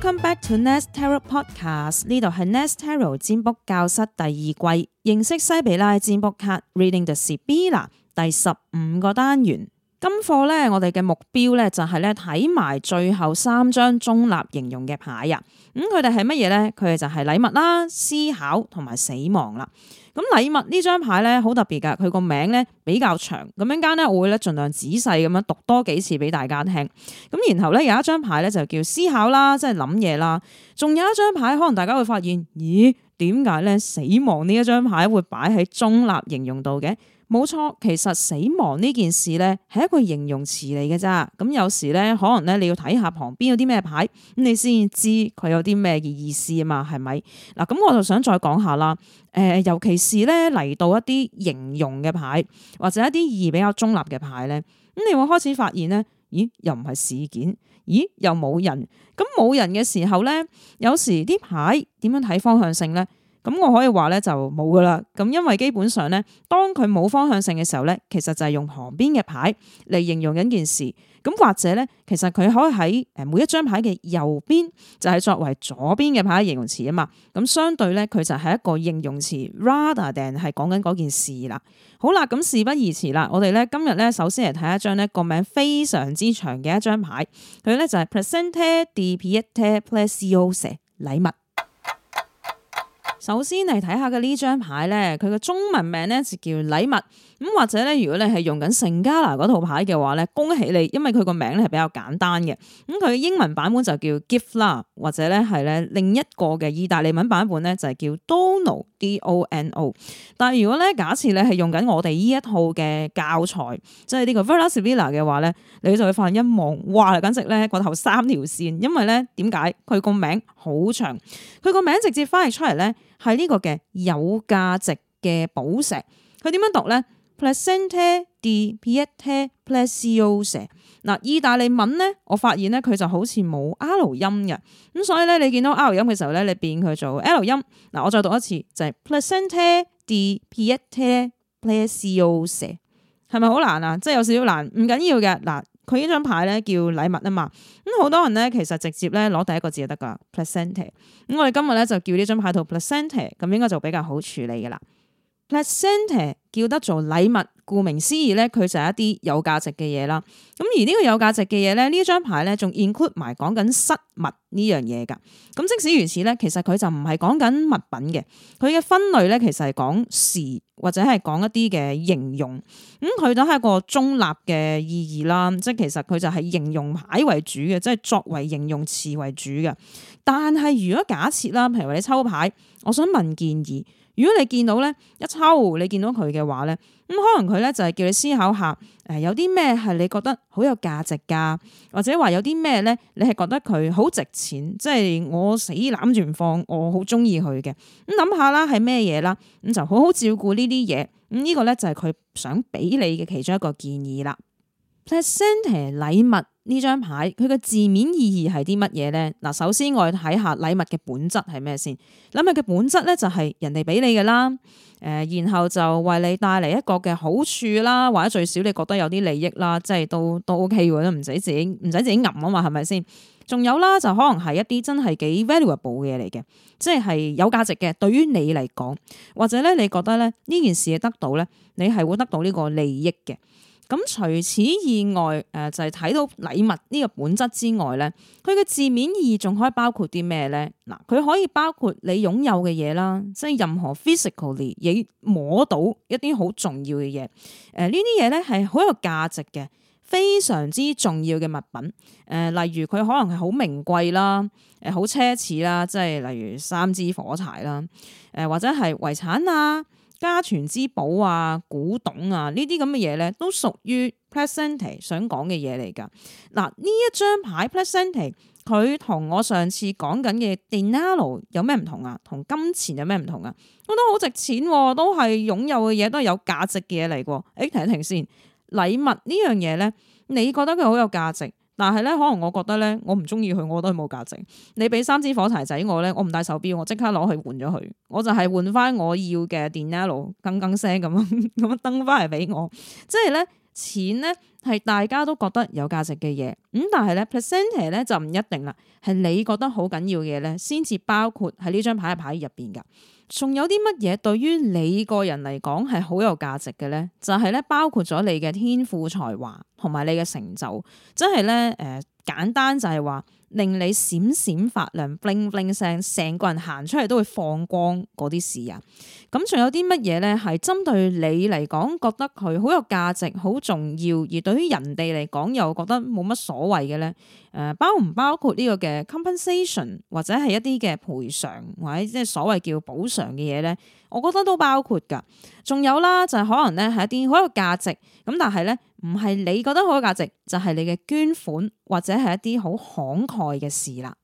Welcome back to Nest Terror Podcast。呢度係 Nest Terror 占卜教室第二季，認識西比拉占卜卡《Reading the Sibila》第十五個單元。今課呢，我哋嘅目標呢，就係咧睇埋最後三張中立形容嘅牌啊。咁佢哋係乜嘢呢？佢哋就係禮物啦、思考同埋死亡啦。咁禮物呢張牌咧好特別噶，佢個名咧比較長，咁陣間咧我會咧盡量仔細咁樣讀多幾次俾大家聽。咁然後咧有一張牌咧就叫思考啦，即係諗嘢啦。仲有一張牌，可能大家會發現，咦，點解咧死亡呢一張牌會擺喺中立形容度嘅？冇錯，其實死亡呢件事咧係一個形容詞嚟嘅咋，咁有時咧可能咧你要睇下旁邊有啲咩牌，咁你先知佢有啲咩意思啊嘛，係咪？嗱，咁我就想再講下啦，誒、呃，尤其是咧嚟到一啲形容嘅牌，或者一啲意義比較中立嘅牌咧，咁你會開始發現咧，咦，又唔係事件，咦，又冇人，咁冇人嘅時候咧，有時啲牌點樣睇方向性咧？咁我可以話咧就冇噶啦，咁因為基本上咧，當佢冇方向性嘅時候咧，其實就係用旁邊嘅牌嚟形容緊件事，咁或者咧，其實佢可以喺誒每一張牌嘅右邊就係、是、作為左邊嘅牌嘅形容詞啊嘛，咁相對咧佢就係一個形容詞 rather than 係講緊嗰件事啦。好啦，咁事不宜遲啦，我哋咧今日咧首先嚟睇一張咧個名非常之長嘅一張牌，佢咧就係 presente di pietre preziose 禮物。首先嚟睇下嘅呢張牌咧，佢嘅中文名咧，就叫禮物。咁或者咧，如果你係用緊聖加拿嗰套牌嘅話咧，恭喜你，因為佢個名咧係比較簡單嘅。咁佢英文版本就叫 gift 啦，或者咧係咧另一個嘅意大利文版本咧就係叫 dono，d-o-n-o。但係如果咧假設你係用緊我哋依一套嘅教材，即係呢個 Verasvila 嘅話咧，你就會發現一望，哇！簡直咧個頭三條線，因為咧點解佢個名好長？佢個名直接翻譯出嚟咧係呢個嘅有價值嘅寶石。佢點樣讀咧？Presente di Pietre Preziose。嗱，意大利文咧，我發現咧佢就好似冇 R 音嘅，咁所以咧你見到 R 音嘅時候咧，你變佢做 L 音。嗱，我再讀一次就係 Presente di Pietre Preziose，係咪好難啊？即係有少少難，唔緊要嘅。嗱，佢呢張牌咧叫禮物啊嘛，咁好多人咧其實直接咧攞第一個字就得噶啦。Presente，咁我哋今日咧就叫呢張牌做 Presente，咁應該就比較好處理嘅啦。present 叫得做禮物，顧名思義咧，佢就係一啲有價值嘅嘢啦。咁而呢個有價值嘅嘢咧，呢一張牌咧，仲 include 埋講緊失物呢樣嘢㗎。咁即使如此咧，其實佢就唔係講緊物品嘅，佢嘅分類咧，其實係講時或者係講一啲嘅形容。咁佢都係一個中立嘅意義啦，即係其實佢就係形容牌為主嘅，即係作為形容詞為主嘅。但係如果假設啦，譬如你抽牌，我想問建議。如果你見到咧一抽，你見到佢嘅話咧，咁可能佢咧就係叫你思考下，誒，有啲咩係你覺得好有價值噶，或者話有啲咩咧，你係覺得佢好值錢，即係我死攬住唔放，我好中意佢嘅。咁諗下啦係咩嘢啦，咁就好好照顧呢啲嘢。咁呢個咧就係佢想俾你嘅其中一個建議啦。present 禮物。呢張牌佢嘅字面意義係啲乜嘢咧？嗱，首先我睇下禮物嘅本質係咩先。禮物嘅本質咧就係人哋俾你嘅啦，誒、呃，然後就為你帶嚟一個嘅好處啦，或者最少你覺得有啲利益啦，即係都都 OK 喎，都唔使自己唔使自己揼啊嘛，係咪先？仲有啦，就可能係一啲真係幾 valuable 嘅嘢嚟嘅，即係係有價值嘅，對於你嚟講，或者咧你覺得咧呢件事得到咧，你係會得到呢個利益嘅。咁除此以外，誒就係睇到禮物呢個本質之外咧，佢嘅字面意義仲可以包括啲咩咧？嗱，佢可以包括你擁有嘅嘢啦，即係任何 physically 你摸到一啲好重要嘅嘢。誒，呢啲嘢咧係好有價值嘅，非常之重要嘅物品。誒，例如佢可能係好名貴啦，誒好奢侈啦，即係例如三支火柴啦，誒或者係遺產啊。家傳之寶啊、古董啊呢啲咁嘅嘢咧，都屬於 Presente 想講嘅嘢嚟噶。嗱，呢一張牌 Presente 佢同我上次講緊嘅 Denaro 有咩唔同啊？同金錢有咩唔同啊？我覺得好值錢，啊，都係擁有嘅嘢，都係有價值嘅嘢嚟嘅。哎、欸，停一停先，禮物呢樣嘢咧，你覺得佢好有價值？但係咧，可能我覺得咧，我唔中意佢，我覺得佢冇價值。你俾三支火柴仔我咧，我唔戴手錶，我即刻攞去換咗佢。我就係換翻我要嘅 Dinero，哽哽聲咁咁登翻嚟俾我。即係咧，錢咧係大家都覺得有價值嘅嘢。咁但係咧，percentage 咧就唔一定啦。係你覺得好緊要嘅嘢咧，先至包括喺呢張牌嘅牌入邊噶。仲有啲乜嘢對於你個人嚟講係好有價值嘅咧？就係咧，包括咗你嘅天賦才華同埋你嘅成就，真係咧誒，簡單就係話。令你閃閃發亮，bling bling 聲，成個人行出嚟都會放光嗰啲事啊！咁仲有啲乜嘢咧？係針對你嚟講，覺得佢好有價值、好重要，而對於人哋嚟講又覺得冇乜所謂嘅咧？誒、呃，包唔包括呢個嘅 compensation 或者係一啲嘅賠償，或者即係所謂叫補償嘅嘢咧？我覺得都包括噶。仲有啦，就係可能咧係一啲好有價值，咁但係咧唔係你覺得好有價值，就係、是、你嘅捐款或者係一啲好慷慨。害嘅事啦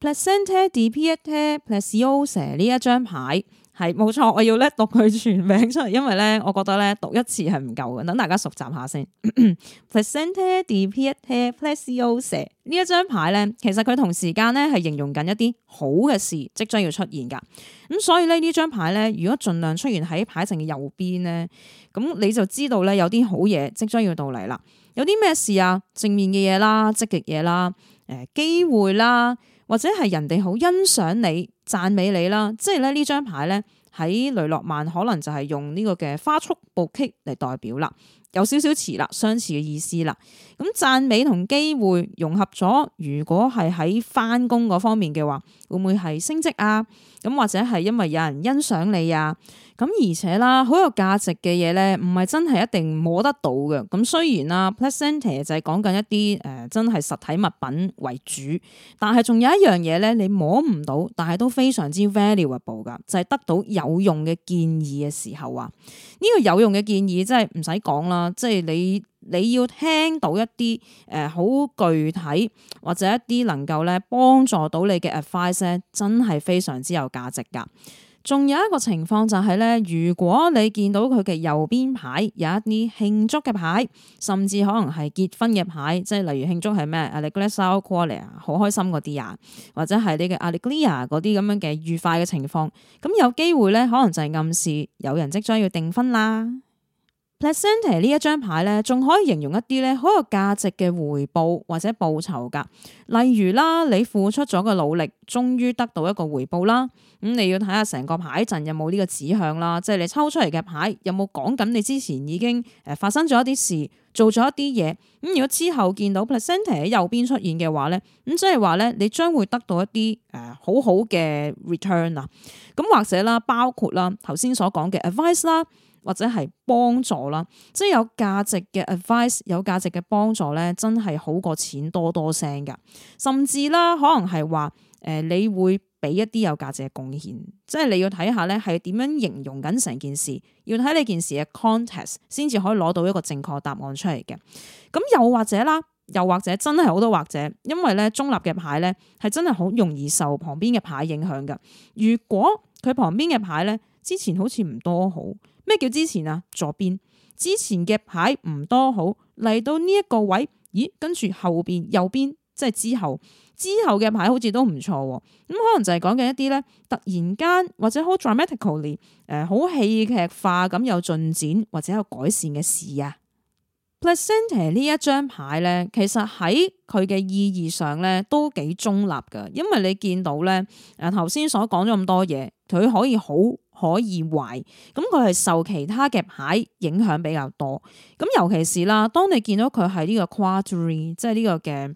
，Placenta diptera placiosa 呢一張牌係冇錯，我要咧讀佢全名出嚟，因為咧我覺得咧讀一次係唔夠嘅，等大家熟習下先。Placenta diptera placiosa 呢一張牌咧，其實佢同時間咧係形容緊一啲好嘅事即將要出現噶，咁所以咧呢張牌咧，如果盡量出現喺牌陣嘅右邊咧，咁你就知道咧有啲好嘢即將要到嚟啦，有啲咩事啊，正面嘅嘢啦，積極嘢啦。誒機會啦，或者係人哋好欣賞你、讚美你啦，即係咧呢張牌咧喺雷諾曼可能就係用呢個嘅花束 Bouquet 嚟代表啦。有少少似啦，相似嘅意思啦。咁讚美同機會融合咗，如果係喺返工嗰方面嘅話，會唔會係升職啊？咁或者係因為有人欣賞你啊？咁而且啦，好有價值嘅嘢咧，唔係真係一定摸得到嘅。咁雖然啊，placenta 就係講緊一啲誒、呃，真係實體物品為主，但係仲有一樣嘢咧，你摸唔到，但係都非常之 valuable 噶，就係、是、得到有用嘅建議嘅時候啊。呢、這個有用嘅建議真係唔使講啦。即係你你要聽到一啲誒好具體或者一啲能夠咧幫助到你嘅 advice 咧，真係非常之有價值噶仲有一個情況就係咧，如果你見到佢嘅右邊牌有一啲慶祝嘅牌，甚至可能係結婚嘅牌，即係例如慶祝係咩啊，你 glacial quality 啊，好開心嗰啲啊，或者係你嘅啊，你 glia 嗰啲咁樣嘅愉快嘅情況，咁有機會咧，可能就係暗示有人即將要訂婚啦。Placenta 呢一張牌咧，仲可以形容一啲咧，好有價值嘅回報或者報酬㗎。例如啦，你付出咗嘅努力，終於得到一個回報啦。咁、嗯、你要睇下成個牌陣有冇呢個指向啦，即係你抽出嚟嘅牌有冇講緊你之前已經誒發生咗一啲事，做咗一啲嘢。咁、嗯、如果之後見到 Placenta 喺右邊出現嘅話咧，咁、嗯、即係話咧，你將會得到一啲誒、呃、好好嘅 return 啊。咁、嗯、或者啦，包括啦，頭先所講嘅 advice 啦。或者係幫助啦，即係有價值嘅 advice，有價值嘅幫助咧，真係好過錢多多聲嘅。甚至啦，可能係話誒，你會俾一啲有價值嘅貢獻，即係你要睇下咧，係點樣形容緊成件事，要睇你件事嘅 context，先至可以攞到一個正確答案出嚟嘅。咁又或者啦，又或者，又或者真係好多或者，因為咧，中立嘅牌咧係真係好容易受旁邊嘅牌影響嘅。如果佢旁邊嘅牌咧之前好似唔多好。咩叫之前啊？左邊之前嘅牌唔多好，嚟到呢一個位，咦？跟住後邊右邊，即係之後，之後嘅牌好似都唔錯，啊。咁、嗯、可能就係講緊一啲咧，突然間或者好 dramatically 誒、呃，好戲劇化咁有進展或者有改善嘅事啊。Placenta 呢一張牌咧，其實喺佢嘅意義上咧都幾中立噶，因為你見到咧誒頭先所講咗咁多嘢，佢可以好。可以壞，咁佢係受其他嘅牌影響比較多，咁尤其是啦，當你見到佢喺呢個 Quadri 即係呢個嘅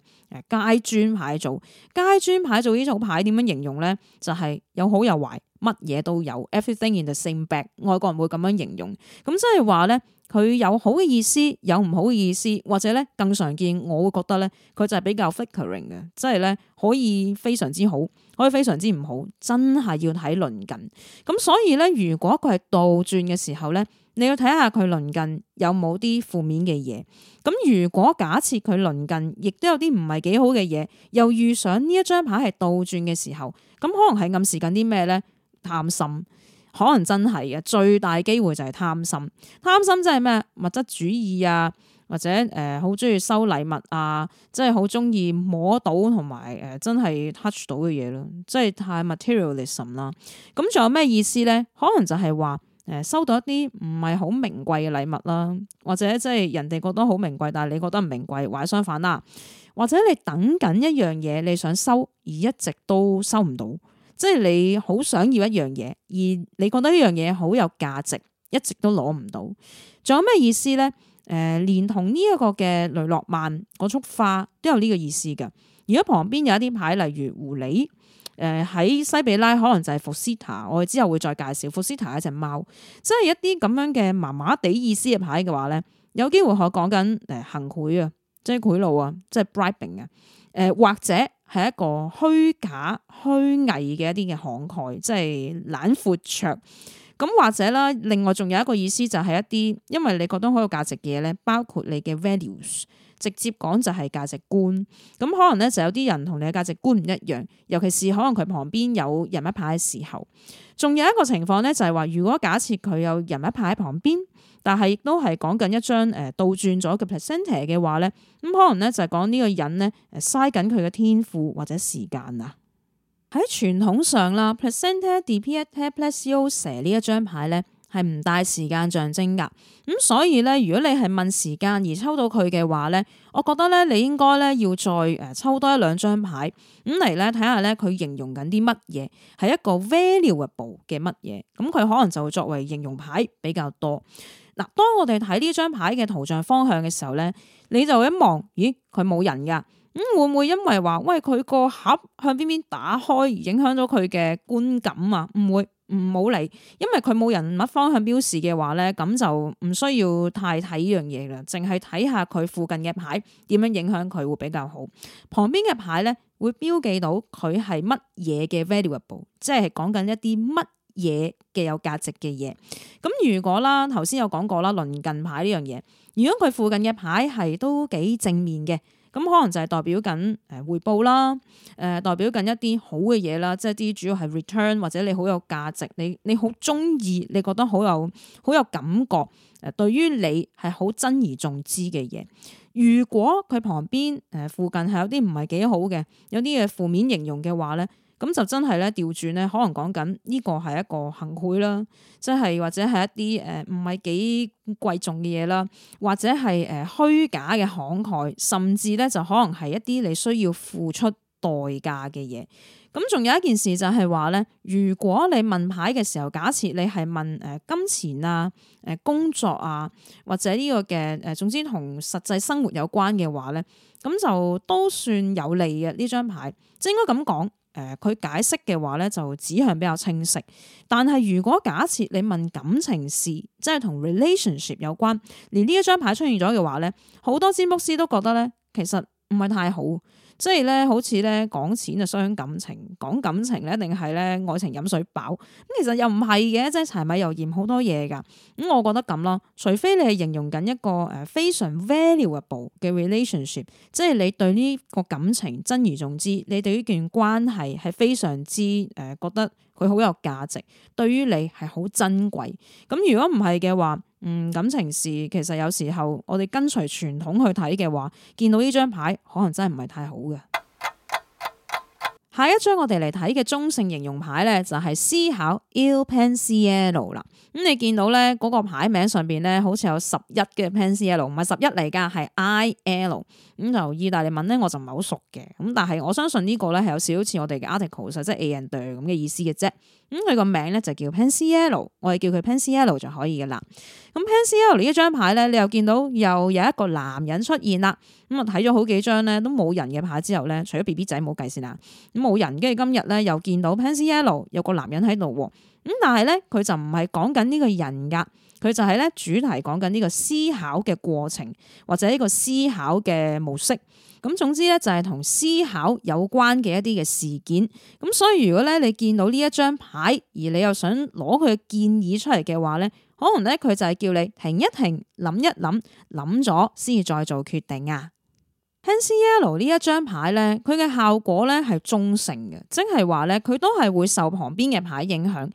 街磚牌做街磚牌做呢種牌點樣形容咧？就係、是、有好有壞，乜嘢都有，everything in the same bag，外國人會咁樣形容，咁即係話咧。佢有好嘅意思，有唔好嘅意思，或者咧更常見，我會覺得咧，佢就係比較 flickering 嘅，即係咧可以非常之好，可以非常之唔好，真係要睇鄰近。咁所以咧，如果佢係倒轉嘅時候咧，你要睇下佢鄰近有冇啲負面嘅嘢。咁如果假設佢鄰近亦都有啲唔係幾好嘅嘢，又遇上呢一張牌係倒轉嘅時候，咁可能係暗示緊啲咩咧？貪心。可能真係嘅最大機會就係貪心，貪心即係咩？物質主義啊，或者誒好中意收禮物啊，即係好中意摸到同埋誒真係 touch 到嘅嘢咯，即係太 materialism 啦。咁仲有咩意思咧？可能就係話誒收到一啲唔係好名貴嘅禮物啦，或者即係人哋覺得好名貴，但係你覺得唔名貴，或者相反啦，或者你等緊一樣嘢你想收而一直都收唔到。即係你好想要一樣嘢，而你覺得呢樣嘢好有價值，一直都攞唔到。仲有咩意思咧？誒、呃，連同呢一個嘅雷諾曼嗰束花都有呢個意思嘅。如果旁邊有一啲牌，例如狐狸，誒、呃、喺西比拉可能就係福斯塔，我哋之後會再介紹福斯塔係一隻貓，即係一啲咁樣嘅麻麻地意思嘅牌嘅話咧，有機會可講緊誒行賄啊，即係賄賂啊，即係 bribing 啊、呃，誒或者。係一個虛假、虛偽嘅一啲嘅慷慨，即係懶闊綽。咁或者啦，另外仲有一個意思就係一啲，因為你覺得好有價值嘅嘢咧，包括你嘅 values。直接講就係價值觀，咁可能咧就有啲人同你嘅價值觀唔一樣，尤其是可能佢旁邊有人物牌嘅時候，仲有一個情況咧就係話，如果假設佢有人物牌喺旁邊，但係亦都係講緊一張誒倒轉咗嘅 presenter 嘅話咧，咁可能咧就係講呢個人咧誒嘥緊佢嘅天賦或者時間啊。喺傳統上啦，presenter d p t plus u 蛇呢一張牌咧。係唔帶時間象徵噶，咁、嗯、所以咧，如果你係問時間而抽到佢嘅話咧，我覺得咧，你應該咧要再誒抽多一兩張牌，咁嚟咧睇下咧佢形容緊啲乜嘢，係一個 valuable 嘅乜嘢，咁佢可能就會作為形容牌比較多。嗱，當我哋睇呢張牌嘅圖像方向嘅時候咧，你就一望，咦，佢冇人噶，咁、嗯、會唔會因為話喂佢個盒向邊邊打開而影響咗佢嘅觀感啊？唔會。唔好嚟，因為佢冇人物方向標示嘅話咧，咁就唔需要太睇呢樣嘢啦，淨係睇下佢附近嘅牌點樣影響佢會比較好。旁邊嘅牌咧會標記到佢係乜嘢嘅 valuable，即係講緊一啲乜嘢嘅有價值嘅嘢。咁如果啦，頭先有講過啦，鄰近牌呢樣嘢，如果佢附近嘅牌係都幾正面嘅。咁可能就係代表緊誒回報啦，誒、呃、代表緊一啲好嘅嘢啦，即係啲主要係 return 或者你好有價值，你你好鍾意，你覺得好有好有感覺，誒對於你係好珍而重之嘅嘢。如果佢旁邊誒、呃、附近係有啲唔係幾好嘅，有啲嘅負面形容嘅話咧。咁就真係咧，調轉咧，可能講緊呢個係一個行賄啦，即係或者係一啲誒唔係幾貴重嘅嘢啦，或者係誒虛假嘅慷慨，甚至咧就可能係一啲你需要付出代價嘅嘢。咁、嗯、仲有一件事就係話咧，如果你問牌嘅時候，假設你係問誒、呃、金錢啊、誒、呃、工作啊，或者呢個嘅誒、呃，總之同實際生活有關嘅話咧，咁就都算有利嘅呢張牌，即係應該咁講。誒佢、呃、解釋嘅話咧，就指向比較清晰。但係如果假設你問感情事，即係同 relationship 有關，連呢一張牌出現咗嘅話咧，好多占卜師都覺得咧，其實唔係太好。即係咧，好似咧講錢就傷感情，講感情咧一定係咧愛情飲水飽咁，其實又唔係嘅，即係柴米油鹽好多嘢噶。咁我覺得咁咯，除非你係形容緊一個誒非常 valuable 嘅 relationship，即係你對呢個感情珍而重之，你對呢段關係係非常之誒覺得佢好有價值，對於你係好珍貴。咁如果唔係嘅話，嗯，感情事其實有時候我哋跟隨傳統去睇嘅話，見到呢張牌可能真係唔係太好嘅。 下一張我哋嚟睇嘅中性形容牌咧，就係、是、思考 i l Pensiel 啦。咁、嗯、你見到咧嗰、那個牌名上邊咧，好似有十一嘅 Pensiel，唔係十一嚟㗎，係 I L。咁就意大利文咧，我就唔係好熟嘅。咁但係我相信呢個咧係有少少似我哋嘅 article，即係 A and D 咁嘅意思嘅啫。咁佢個名咧就叫 Pencil，我哋叫佢 Pencil 就可以嘅啦。咁 Pencil 呢一張牌咧，你又見到又有一個男人出現啦。咁啊睇咗好幾張咧都冇人嘅牌之後咧，除咗 B B 仔冇計先啦。咁冇人，跟住今日咧又見到 Pencil 有個男人喺度喎。咁、嗯、但係咧佢就唔係講緊呢個人噶。佢就係咧主題講緊呢個思考嘅過程或者呢個思考嘅模式，咁總之咧就係同思考有關嘅一啲嘅事件，咁所以如果咧你見到呢一張牌而你又想攞佢嘅建議出嚟嘅話咧，可能咧佢就係叫你停一停諗一諗，諗咗先至再做決定啊。聽 C L 一張，呢一張牌咧，佢嘅效果咧係中性嘅，即係話咧佢都係會受旁邊嘅牌影響，而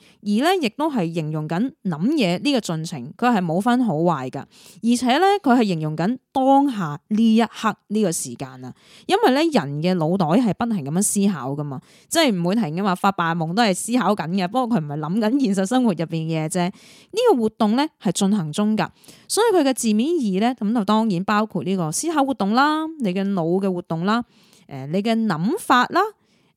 咧亦都係形容緊諗嘢呢個進程，佢係冇分好壞噶。而且咧佢係形容緊當下呢一刻呢個時間啊，因為咧人嘅腦袋係不停咁樣思考噶嘛，即係唔會停嘅話發白夢都係思考緊嘅。不過佢唔係諗緊現實生活入邊嘅嘢啫，呢、這個活動咧係進行中噶，所以佢嘅字面義咧咁就當然包括呢個思考活動啦，你嘅。腦嘅活動啦，誒、呃，你嘅諗法啦，誒、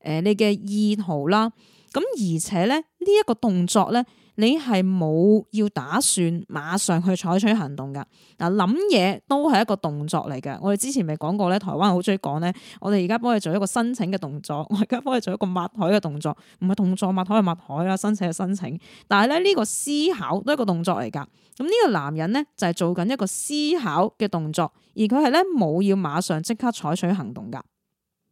呃，你嘅意圖啦，咁、呃、而且咧呢一個、這個動作咧。你係冇要打算馬上去採取行動噶嗱，諗嘢都係一個動作嚟嘅。我哋之前咪講過咧，台灣好中意講咧，我哋而家幫佢做一個申請嘅動作，我而家幫佢做一個抹枱嘅動作，唔係動作抹枱，係抹枱啦，申請係申請。但係咧呢個思考都係一個動作嚟噶咁呢個男人咧就係做緊一個思考嘅動作，而佢係咧冇要馬上即刻採取行動噶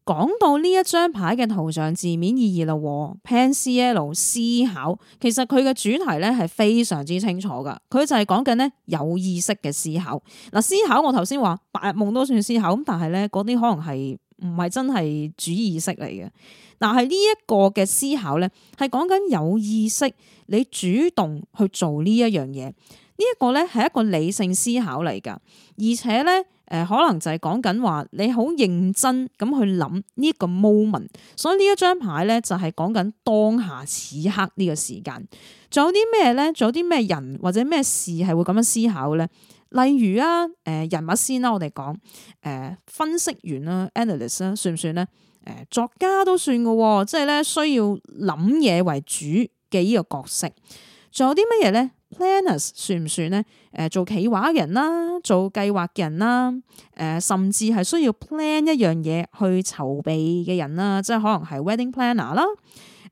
講到呢一張牌嘅圖像字面意義咯，P a n C L 思考，其實佢嘅主題咧係非常之清楚噶，佢就係講緊咧有意識嘅思考。嗱，思考我頭先話白日夢都算思考，咁但係咧嗰啲可能係唔係真係主意識嚟嘅。但係呢一個嘅思考咧，係講緊有意識，你主動去做呢一樣嘢，呢一個咧係一個理性思考嚟噶，而且咧。誒，可能就係講緊話，你好認真咁去諗呢一個 moment，所以呢一張牌咧就係講緊當下此刻呢個時間。仲有啲咩咧？仲有啲咩人或者咩事係會咁樣思考咧？例如啊，誒人物先啦、啊，我哋講誒分析員啦、啊、analyst 啦、啊，算唔算咧？誒、呃、作家都算㗎，即係咧需要諗嘢，為主嘅呢個角色。仲有啲乜嘢咧？Planners 算唔算呢？誒做企劃嘅人啦，做計劃嘅人啦，誒甚至係需要 plan 一樣嘢去籌備嘅人啦，即係可能係 wedding planner 啦。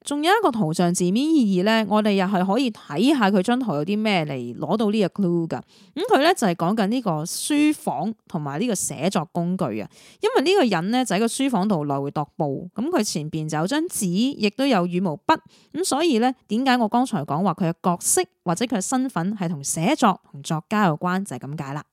仲有一個圖像字面意義咧我哋又係可以睇下佢張圖有啲咩嚟攞到呢個 clue 噶咁佢咧就係講緊呢個書房同埋呢個寫作工具啊。因為呢個人咧就喺、是、個書房度來回踱步，咁、嗯、佢前邊就有張紙，亦都有羽毛筆，咁、嗯、所以咧點解我剛才講話佢嘅角色或者佢嘅身份係同寫作同作家有關就係咁解啦。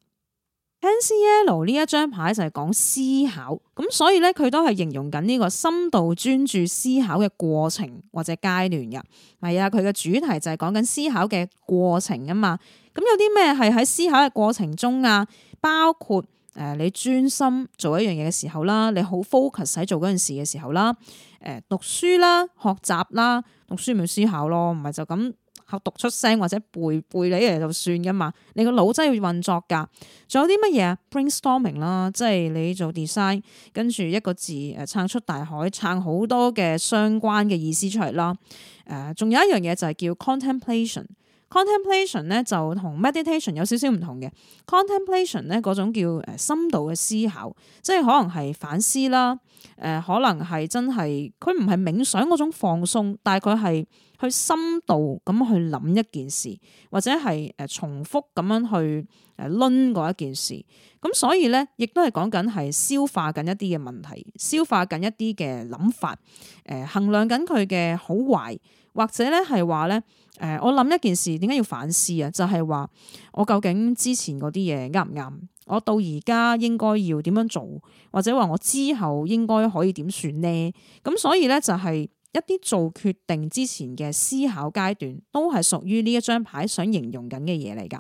NCL 呢一張牌就係講思考，咁所以咧佢都係形容緊呢個深度專注思考嘅過程或者階段嘅，係啊，佢嘅主題就係講緊思考嘅過程啊嘛，咁有啲咩係喺思考嘅過程中啊，包括誒你專心做一樣嘢嘅時候啦，你好 focus 喺做嗰件事嘅時候啦，誒讀書啦，學習啦，讀書咪思考咯，唔係就咁。靠讀出聲或者背背你嚟嚟就算噶嘛，你個腦真係要運作㗎。仲有啲乜嘢啊？Brainstorming 啦，Bra ing，即係你做 design，跟住一個字誒、呃、撐出大海，撐好多嘅相關嘅意思出嚟啦。誒、呃，仲有一樣嘢就係叫 contemplation。contemplation 咧就同 meditation 有少少唔同嘅。contemplation 咧嗰種叫誒、呃、深度嘅思考，即係可能係反思啦，誒、呃、可能係真係佢唔係冥想嗰種放鬆，但係佢係。去深度咁去諗一件事，或者係誒重複咁樣去誒掄一件事，咁所以咧亦都係講緊係消化緊一啲嘅問題，消化緊一啲嘅諗法，誒、呃、衡量緊佢嘅好壞，或者咧係話咧誒我諗一件事點解要反思啊？就係、是、話我究竟之前嗰啲嘢啱唔啱？我到而家應該要點樣做，或者話我之後應該可以點算呢？咁所以咧就係、是。一啲做決定之前嘅思考階段，都係屬於呢一張牌想形容緊嘅嘢嚟㗎。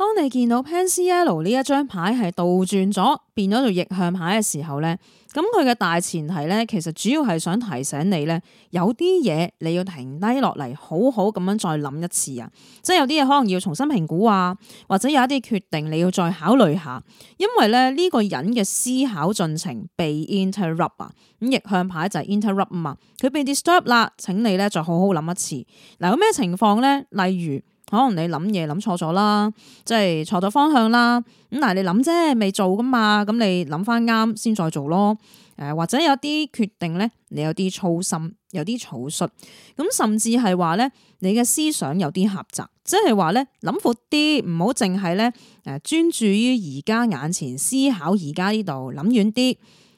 當你見到 Pen C L 呢一張牌係倒轉咗，變咗做逆向牌嘅時候咧，咁佢嘅大前提咧，其實主要係想提醒你咧，有啲嘢你要停低落嚟，好好咁樣再諗一次啊！即係有啲嘢可能要重新評估啊，或者有一啲決定你要再考慮下，因為咧呢個人嘅思考進程被 interrupt 啊，咁逆向牌就係 interrupt 嘛，佢被 disturb 啦，請你咧再好好諗一次。嗱，有咩情況咧？例如。可能你諗嘢諗錯咗啦，即係錯咗方向啦。咁嗱，你諗啫，未做噶嘛。咁你諗翻啱先再做咯。誒、呃，或者有啲決定咧，你有啲粗心，有啲草率。咁甚至係話咧，你嘅思想有啲狹窄，即係話咧諗闊啲，唔好淨係咧誒專注於而家眼前思考而家呢度，諗遠啲。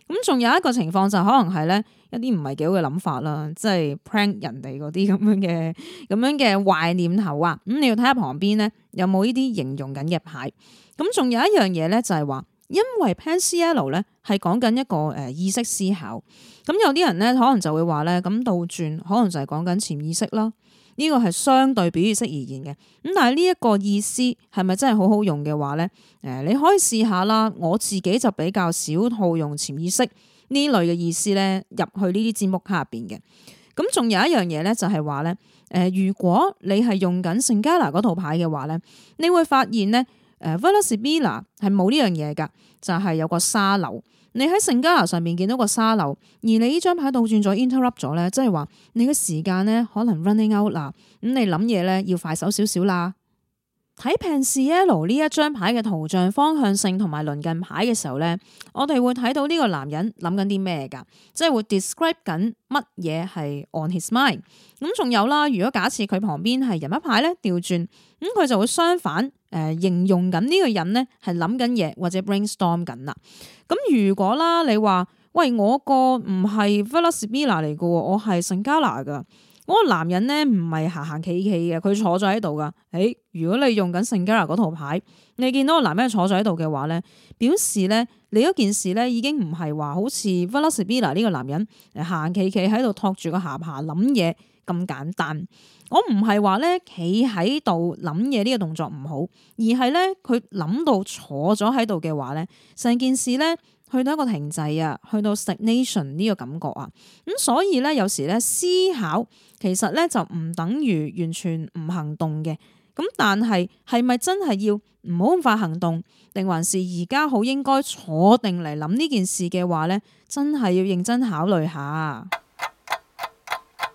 咁仲有一個情況就是、可能係咧。一啲唔係幾好嘅諗法啦，即、就、係、是、plan 人哋嗰啲咁樣嘅咁樣嘅壞念頭啊！咁、嗯、你要睇下旁邊咧有冇呢啲形容緊嘅牌。咁、嗯、仲有一樣嘢咧，就係話因為 PCL a 咧係講緊一個誒意識思考。咁、嗯、有啲人咧可能就會話咧，咁倒轉可能就係講緊潛意識咯。呢個係相對表意識而言嘅。咁但係呢一個意思係咪真係好好用嘅話咧？誒、呃，你可以試下啦。我自己就比較少套用潛意識。呢類嘅意思咧入去呢啲節目下邊嘅。咁仲有一樣嘢咧就係話咧，誒、呃、如果你係用緊聖加拿嗰套牌嘅話咧，你會發現咧，誒、呃、Vela Sibila 係冇呢樣嘢噶，就係、是、有個沙漏。你喺聖加拿上面見到個沙漏，而你呢張牌倒轉咗 interrupt 咗咧，即係話你嘅時間咧可能 running out 喇，咁你諗嘢咧要快手少少啦。睇 p e n t l e 呢一張牌嘅圖像方向性同埋鄰近牌嘅時候咧，我哋會睇到呢個男人諗緊啲咩噶，即係會 describe 緊乜嘢係 on his mind。咁仲有啦，如果假設佢旁邊係人物牌咧，調轉咁佢就會相反，誒、呃，形容緊呢個人咧係諗緊嘢或者 brainstorm 緊啦。咁如果啦，你話喂，我個唔係 velasilla 嚟噶，我係神加 a 噶。嗰個男人咧唔係行行企企嘅，佢坐咗喺度噶。誒、欸，如果你用緊聖加納嗰套牌，你見到個男人坐咗喺度嘅話咧，表示咧你嗰件事咧已經唔係話好似 Velasz Villa 呢個男人行行企企喺度托住個下巴諗嘢咁簡單。我唔係話咧企喺度諗嘢呢個動作唔好，而係咧佢諗到坐咗喺度嘅話咧，成件事咧去到一個停滯啊，去到 stagnation 呢個感覺啊，咁所以咧有時咧思考其實咧就唔等於完全唔行動嘅，咁但係係咪真係要唔好咁快行動，定還是而家好應該坐定嚟諗呢件事嘅話咧，真係要認真考慮下。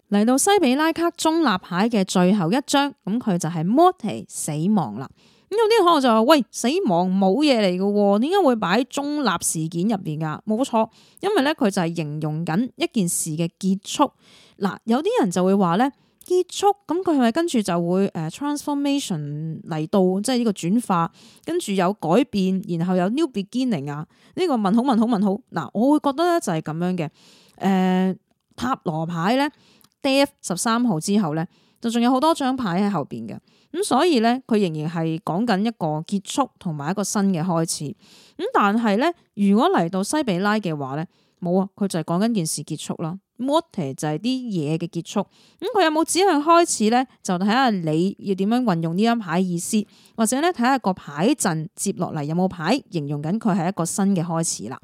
嚟到西比拉克中立牌嘅最後一張，咁佢就係 Morty 死亡啦。咁有啲人可能就話：，喂，死亡冇嘢嚟噶，點解會擺中立事件入邊噶？冇錯，因為咧佢就係形容緊一件事嘅結束。嗱，有啲人就會話咧結束，咁佢係咪跟住就會誒、呃、transformation 嚟到，即係呢個轉化，跟住有改變，然後有 new beginning 啊？呢個問好問好問好。嗱，我會覺得咧就係咁樣嘅，誒、呃、塔羅牌咧。F 十三號之後咧，就仲有好多張牌喺後邊嘅，咁所以咧，佢仍然係講緊一個結束同埋一個新嘅開始。咁但係咧，如果嚟到西比拉嘅話咧，冇啊，佢就係講緊件事結束啦。Motter 就係啲嘢嘅結束。咁佢有冇指向開始咧？就睇下你要點樣運用呢張牌意思，或者咧睇下個牌陣接落嚟有冇牌形容緊佢係一個新嘅開始啦。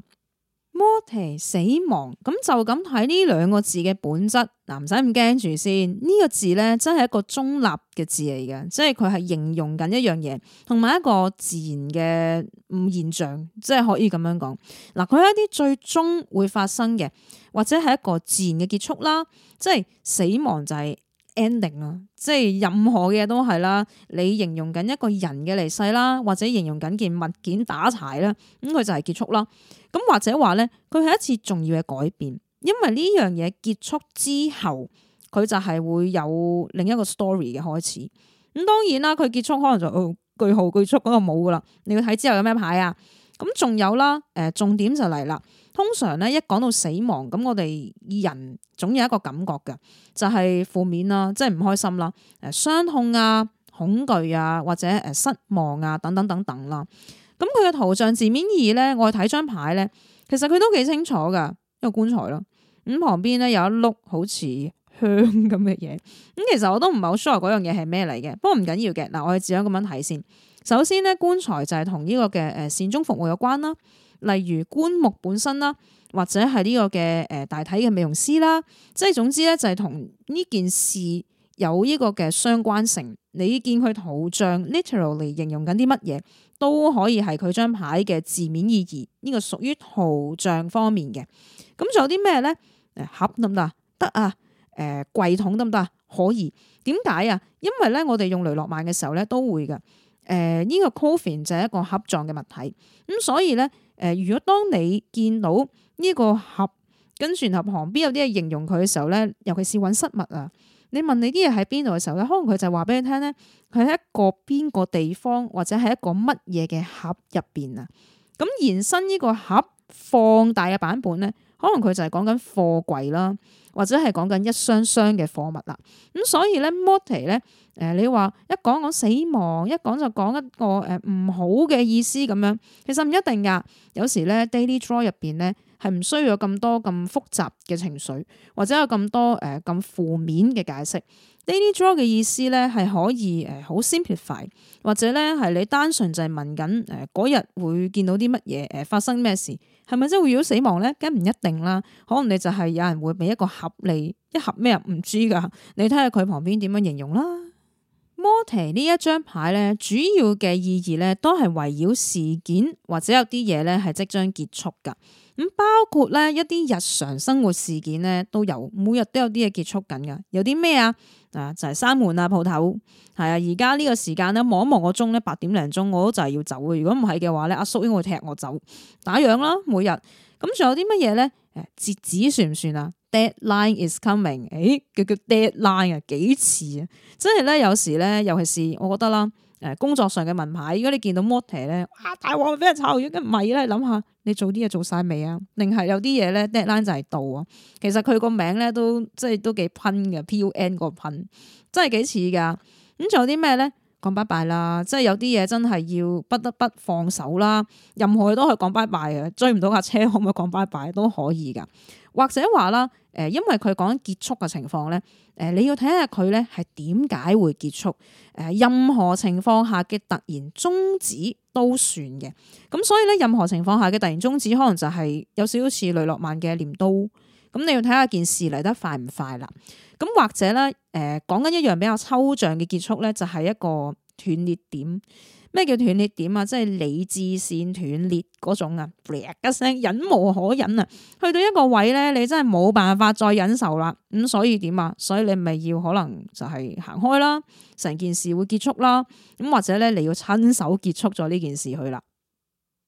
摩提，死亡。咁就咁睇呢兩個字嘅本質，嗱，唔使咁驚住先。呢個字咧，真係一個中立嘅字嚟嘅，即係佢係形容緊一樣嘢，同埋一個自然嘅現象，即係可以咁樣講。嗱，佢係一啲最終會發生嘅，或者係一個自然嘅結束啦。即係死亡就係 ending 啊，即係任何嘅都係啦。你形容緊一個人嘅離世啦，或者形容緊件物件打柴啦，咁佢就係結束啦。咁或者話咧，佢係一次重要嘅改變，因為呢樣嘢結束之後，佢就係會有另一個 story 嘅開始。咁當然啦，佢結束可能就是哦、句號，句速嗰個冇噶啦。你要睇之後有咩牌啊？咁仲有啦，誒、呃，重點就嚟啦。通常咧，一講到死亡，咁我哋人總有一個感覺嘅，就係、是、負面啦，即係唔開心啦，誒、呃，傷痛啊、恐懼啊，或者誒失望啊，等等等等啦。咁佢嘅圖像字面意義咧，我睇張牌咧，其實佢都幾清楚㗎，一個棺材咯。咁旁邊咧有一碌好似香咁嘅嘢。咁其實我都唔係好 sure 嗰樣嘢係咩嚟嘅，不過唔緊要嘅。嗱，我哋字樣咁樣睇先。首先咧，棺材就係同呢個嘅誒善終服務有關啦，例如棺木本身啦，或者係呢個嘅誒大體嘅美容師啦，即係總之咧就係同呢件事有呢個嘅相關性。你見佢圖像 literally 形容緊啲乜嘢？都可以係佢張牌嘅字面意義，呢、這個屬於圖像方面嘅。咁仲有啲咩咧？誒，盒得唔得？得啊。誒、呃，櫃桶得唔得啊？可以。點解啊？因為咧，我哋用雷諾曼嘅時候咧都會㗎。誒、呃，呢、這個 coffin 就係一個盒狀嘅物體。咁所以咧，誒、呃，如果當你見到呢個盒跟船盒旁邊有啲嘢，形容佢嘅時候咧，尤其是揾失物啊。你問你啲嘢喺邊度嘅時候咧，可能佢就話俾你聽咧，喺一個邊個地方或者係一個乜嘢嘅盒入邊啊。咁延伸呢個盒放大嘅版本咧，可能佢就係講緊貨櫃啦，或者係講緊一箱箱嘅貨物啦。咁所以咧，Moti 咧，誒你話一講講死亡，一講就講一個誒唔好嘅意思咁樣，其實唔一定噶。有時咧，Daily Draw 入邊咧。係唔需要咁多咁複雜嘅情緒，或者有咁多誒咁負面嘅解釋。Lady Draw 嘅意思咧係可以誒好 simplify，或者咧係你單純就係問緊誒嗰日會見到啲乜嘢誒發生咩事，係咪真會遇到死亡咧？梗唔一定啦，可能你就係有人會俾一個盒你一盒咩唔知噶，你睇下佢旁邊點樣形容啦。Morty 呢一張牌咧，主要嘅意義咧都係圍繞事件或者有啲嘢咧係即將結束噶。咁包括咧一啲日常生活事件咧都有，每日都有啲嘢結束緊㗎。有啲咩啊？啊就係、是、閂門啊鋪頭，係啊。而家呢個時間咧望一望個鐘咧八點零鐘，我都就係要走。如果唔係嘅話咧，阿叔，叔應該會踢我走打烊啦。每日咁仲有啲乜嘢咧？誒截止算唔算啊？Deadline is coming、欸。誒叫叫 deadline 啊，幾遲啊！真係咧，有時咧，尤其是我覺得啦。誒工作上嘅文牌，如果你見到 m o r t 咧，哇！大鑊俾人炒咗，咁咪咧諗下你做啲嘢做晒未啊？定係有啲嘢咧 deadline 就係到啊！其實佢個名咧都即係都幾噴嘅 pun 個噴，P、U、N，真係幾似㗎。咁、嗯、仲有啲咩咧？講拜拜啦，即係有啲嘢真係要不得不放手啦。任何嘢都可以講拜拜嘅，追唔到架車可唔可以講拜拜都可以噶。或者話啦，誒，因為佢講結束嘅情況咧，誒，你要睇下佢咧係點解會結束。誒，任何情況下嘅突然終止都算嘅。咁所以咧，任何情況下嘅突然終止，可能就係有少少似雷諾曼嘅鐮刀。咁你要睇下件事嚟得快唔快啦。咁或者咧，誒，講緊一樣比較抽象嘅結束咧，就係一個斷裂點。咩叫斷裂點啊？即係理智線斷裂嗰種啊，一聲忍無可忍啊，去到一個位咧，你真係冇辦法再忍受啦。咁所以點啊？所以你咪要可能就係行開啦，成件事會結束啦。咁或者咧，你要親手結束咗呢件事去啦。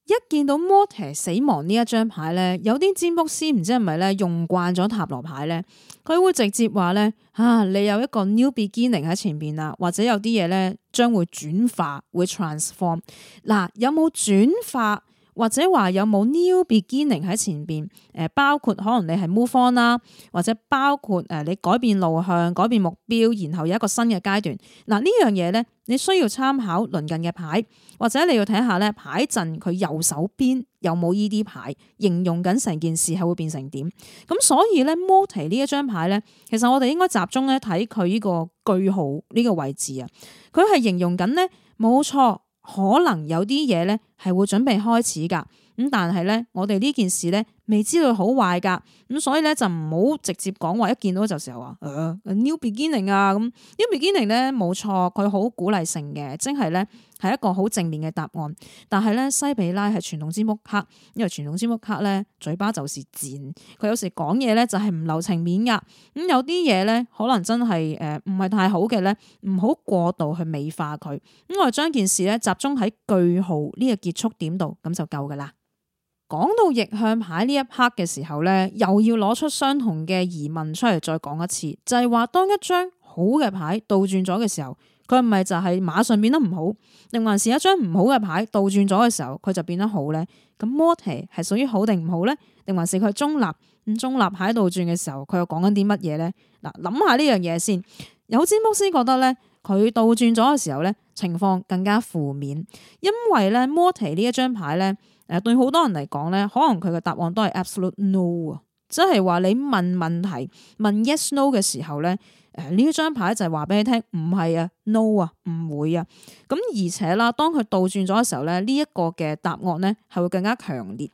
一見到 mortar 死亡呢一張牌咧，有啲占卜師唔知係咪咧用慣咗塔羅牌咧，佢會直接話咧：啊，你有一個 new beginning 喺前邊啊，或者有啲嘢咧將會轉化，會 transform。嗱，有冇轉化？或者話有冇 new beginning 喺前邊？誒、呃，包括可能你係 move on 啦，或者包括誒、呃、你改變路向、改變目標，然後有一個新嘅階段。嗱、呃、呢樣嘢咧，你需要參考鄰近嘅牌，或者你要睇下咧牌陣佢右手邊有冇呢啲牌，形容緊成件事係會變成點。咁所以咧，multi 呢一張牌咧，其實我哋應該集中咧睇佢呢個句號呢、這個位置啊。佢係形容緊咧，冇錯。可能有啲嘢咧係會準備開始噶，咁但係咧，我哋呢件事咧。未知道好壞噶，咁所以咧就唔好直接講話，一見到就時候話，呃，new beginning 啊，咁 new beginning 咧冇錯，佢好鼓勵性嘅，即係咧係一個好正面嘅答案。但係咧西比拉係傳統詹木克，因為傳統詹木克咧嘴巴就是賤，佢有時講嘢咧就係唔留情面噶。咁有啲嘢咧可能真係誒唔係太好嘅咧，唔好過度去美化佢。咁我哋將件事咧集中喺句號呢個結束點度，咁就夠噶啦。講到逆向牌呢一刻嘅時候咧，又要攞出相同嘅疑問出嚟再講一次，就係話當一張好嘅牌倒轉咗嘅時候，佢係咪就係馬上變得唔好？定還是一張唔好嘅牌倒轉咗嘅時候，佢就變得好咧？咁 Morty 係屬於好定唔好咧？定還是佢中立？咁中立牌倒轉嘅時候，佢又講緊啲乜嘢咧？嗱，諗下呢樣嘢先。有占卜師覺得咧，佢倒轉咗嘅時候咧，情況更加負面，因為咧 Morty 呢一張牌咧。誒，對好多人嚟講咧，可能佢嘅答案都係 absolute no 啊，即係話你問問題問 yes no 嘅時候咧，誒呢張牌就係話俾你聽，唔係啊，no 啊，唔會啊，咁而且啦，當佢倒轉咗嘅時候咧，呢一個嘅答案咧係會更加強烈，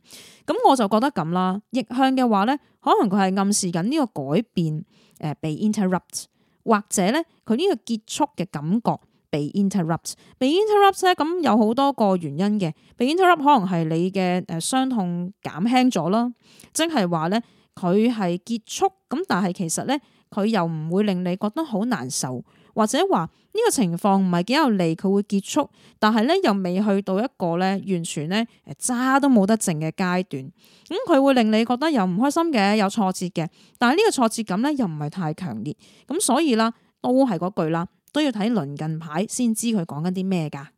咁我就覺得咁啦，逆向嘅話咧，可能佢係暗示緊呢個改變，誒被 interrupt 或者咧佢呢個結束嘅感覺。被 interrupt，被 interrupt 咧，咁有好多個原因嘅。被 interrupt 可能係你嘅誒傷痛減輕咗咯，即係話咧佢係結束，咁但係其實咧佢又唔會令你覺得好難受，或者話呢個情況唔係幾有利，佢會結束，但係咧又未去到一個咧完全咧誒渣都冇得剩嘅階段，咁、嗯、佢會令你覺得又唔開心嘅，有挫折嘅，但係呢個挫折感咧又唔係太強烈，咁所以啦，都係嗰句啦。都要睇鄰近牌先知佢講緊啲咩噶。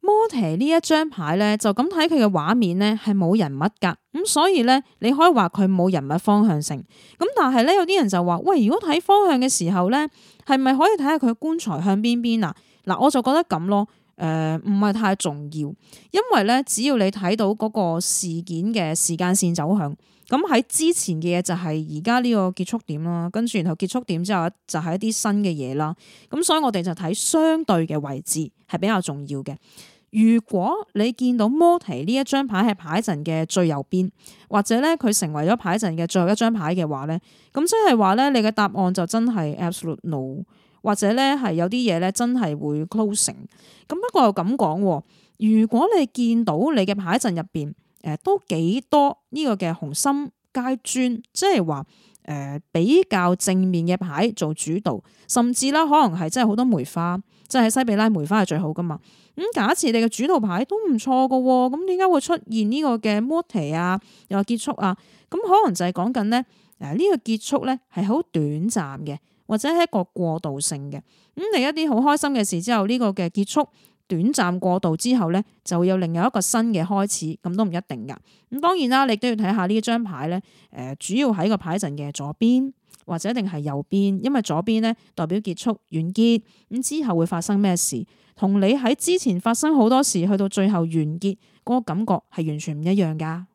摩提呢一張牌咧，就咁睇佢嘅畫面咧係冇人物噶，咁所以咧你可以話佢冇人物方向性。咁但係咧有啲人就話喂，如果睇方向嘅時候咧，係咪可以睇下佢棺材向邊邊啊？嗱，我就覺得咁咯。誒，唔係、呃、太重要，因為咧，只要你睇到嗰個事件嘅時間線走向，咁喺之前嘅嘢，就係而家呢個結束點啦，跟住然後結束點之後就係一啲新嘅嘢啦，咁所以我哋就睇相對嘅位置係比較重要嘅。如果你見到摩提呢一張牌喺牌陣嘅最右邊，或者咧佢成為咗牌陣嘅最後一張牌嘅話咧，咁即係話咧，你嘅答案就真係 absolute no。或者咧係有啲嘢咧真係會 closing，咁不過又咁講喎。如果你見到你嘅牌陣入邊，誒都幾多呢個嘅紅心階磚，即係話誒比較正面嘅牌做主導，甚至啦可能係真係好多梅花，即係西比拉梅花係最好噶嘛。咁假設你嘅主導牌都唔錯嘅，咁點解會出現呢個嘅 moti 啊又話結束啊？咁可能就係講緊咧，誒呢個結束咧係好短暫嘅。或者係一個過渡性嘅，咁嚟一啲好開心嘅事之後，呢個嘅結束短暫過渡之後咧，就會有另有一個新嘅開始，咁都唔一定噶。咁當然啦，你都要睇下呢張牌咧，誒，主要喺個牌陣嘅左邊或者一定係右邊，因為左邊咧代表結束完結，咁之後會發生咩事，同你喺之前發生好多事去到最後完結嗰個感覺係完全唔一樣噶。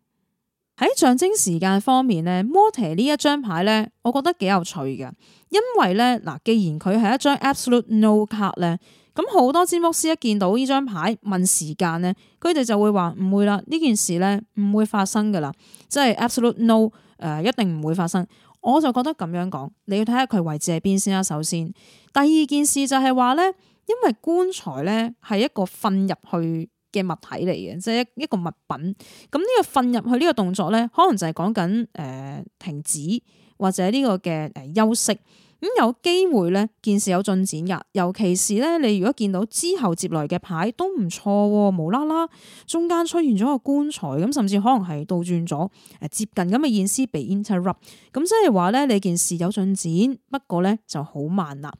喺象徵時間方面咧，Morty 呢一張牌咧，我覺得幾有趣嘅，因為咧嗱，既然佢係一張 absolute no 卡咧，咁好多占卜師一見到呢張牌問時間咧，佢哋就會話唔會啦，呢件事咧唔會發生噶啦，即係 absolute no，誒一定唔會發生。我就覺得咁樣講，你要睇下佢位置喺邊先啦。首先，第二件事就係話咧，因為棺材咧係一個瞓入去。嘅物體嚟嘅，即係一一個物品。咁呢個瞓入去呢個動作咧，可能就係講緊誒停止或者呢個嘅誒休息。咁有機會咧，件事有進展㗎。尤其是咧，你如果見到之後接來嘅牌都唔錯喎，冇啦啦，中間出現咗一個棺材咁，甚至可能係倒轉咗誒、呃、接近咁嘅意思被 interrupt。咁即係話咧，你件事有進展，不過咧就好慢啦。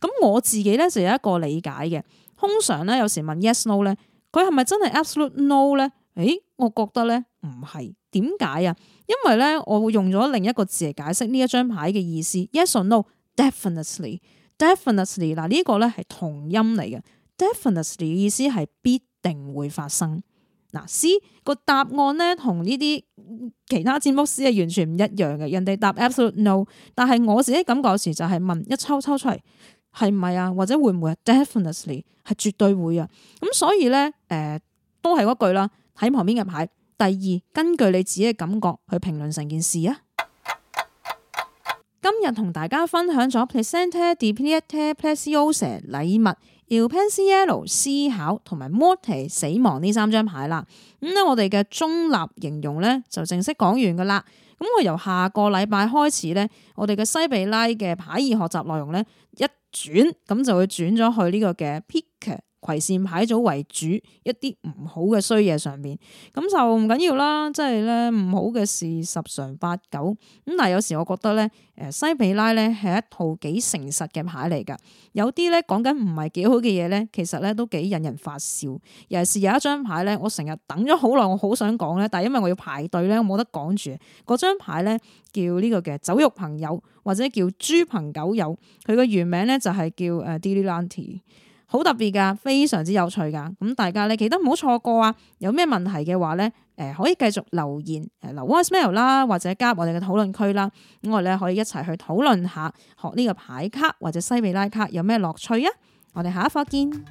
咁我自己咧就有一個理解嘅，通常咧有時問 yes no 咧。佢係咪真係 absolute no 咧？誒，我覺得咧唔係，點解啊？因為咧，我會用咗另一個字嚟解釋呢一張牌嘅意思。Yes or no？Definitely，definitely。嗱，呢個咧係同音嚟嘅。Definitely 嘅意思係必定會發生。嗱，C 個答案咧同呢啲其他占卜師係完全唔一樣嘅。人哋答 absolute no，但係我自己感覺有時就係問一抽抽出嚟。係唔係啊？或者會唔會啊？Definitely 係絕對會啊！咁所以咧，誒、呃，都係嗰句啦，睇旁邊嘅牌。第二，根據你自己嘅感覺去評論成件事啊！今日同大家分享咗 Presente、Prezioso 禮物、Il Pensiero 思考同埋 Morte 死亡呢三張牌啦。咁、嗯、咧我哋嘅中立形容咧，就正式講完噶啦。咁、嗯、我由下個禮拜開始咧，我哋嘅西比拉嘅牌意學習內容咧一。轉，咁就會轉咗去呢個嘅 P。葵扇牌組為主，一啲唔好嘅衰嘢上面，咁就唔緊要啦。即係咧，唔好嘅事十常八九，咁但係有時我覺得咧，誒西比拉咧係一套幾誠實嘅牌嚟噶。有啲咧講緊唔係幾好嘅嘢咧，其實咧都幾引人發笑。尤其是有一張牌咧，我成日等咗好耐，我好想講咧，但係因為我要排隊咧，我冇得講住。嗰張牌咧叫呢個嘅酒肉朋友，或者叫豬朋狗友。佢嘅原名咧就係叫誒 Dililanti。好特別㗎，非常之有趣㗎。咁大家你記得唔好錯過啊！有咩問題嘅話咧，誒可以繼續留言誒留 email 啦，或者加入我哋嘅討論區啦。咁我哋咧可以一齊去討論下學呢個牌卡或者西米拉卡有咩樂趣啊！我哋下一課見。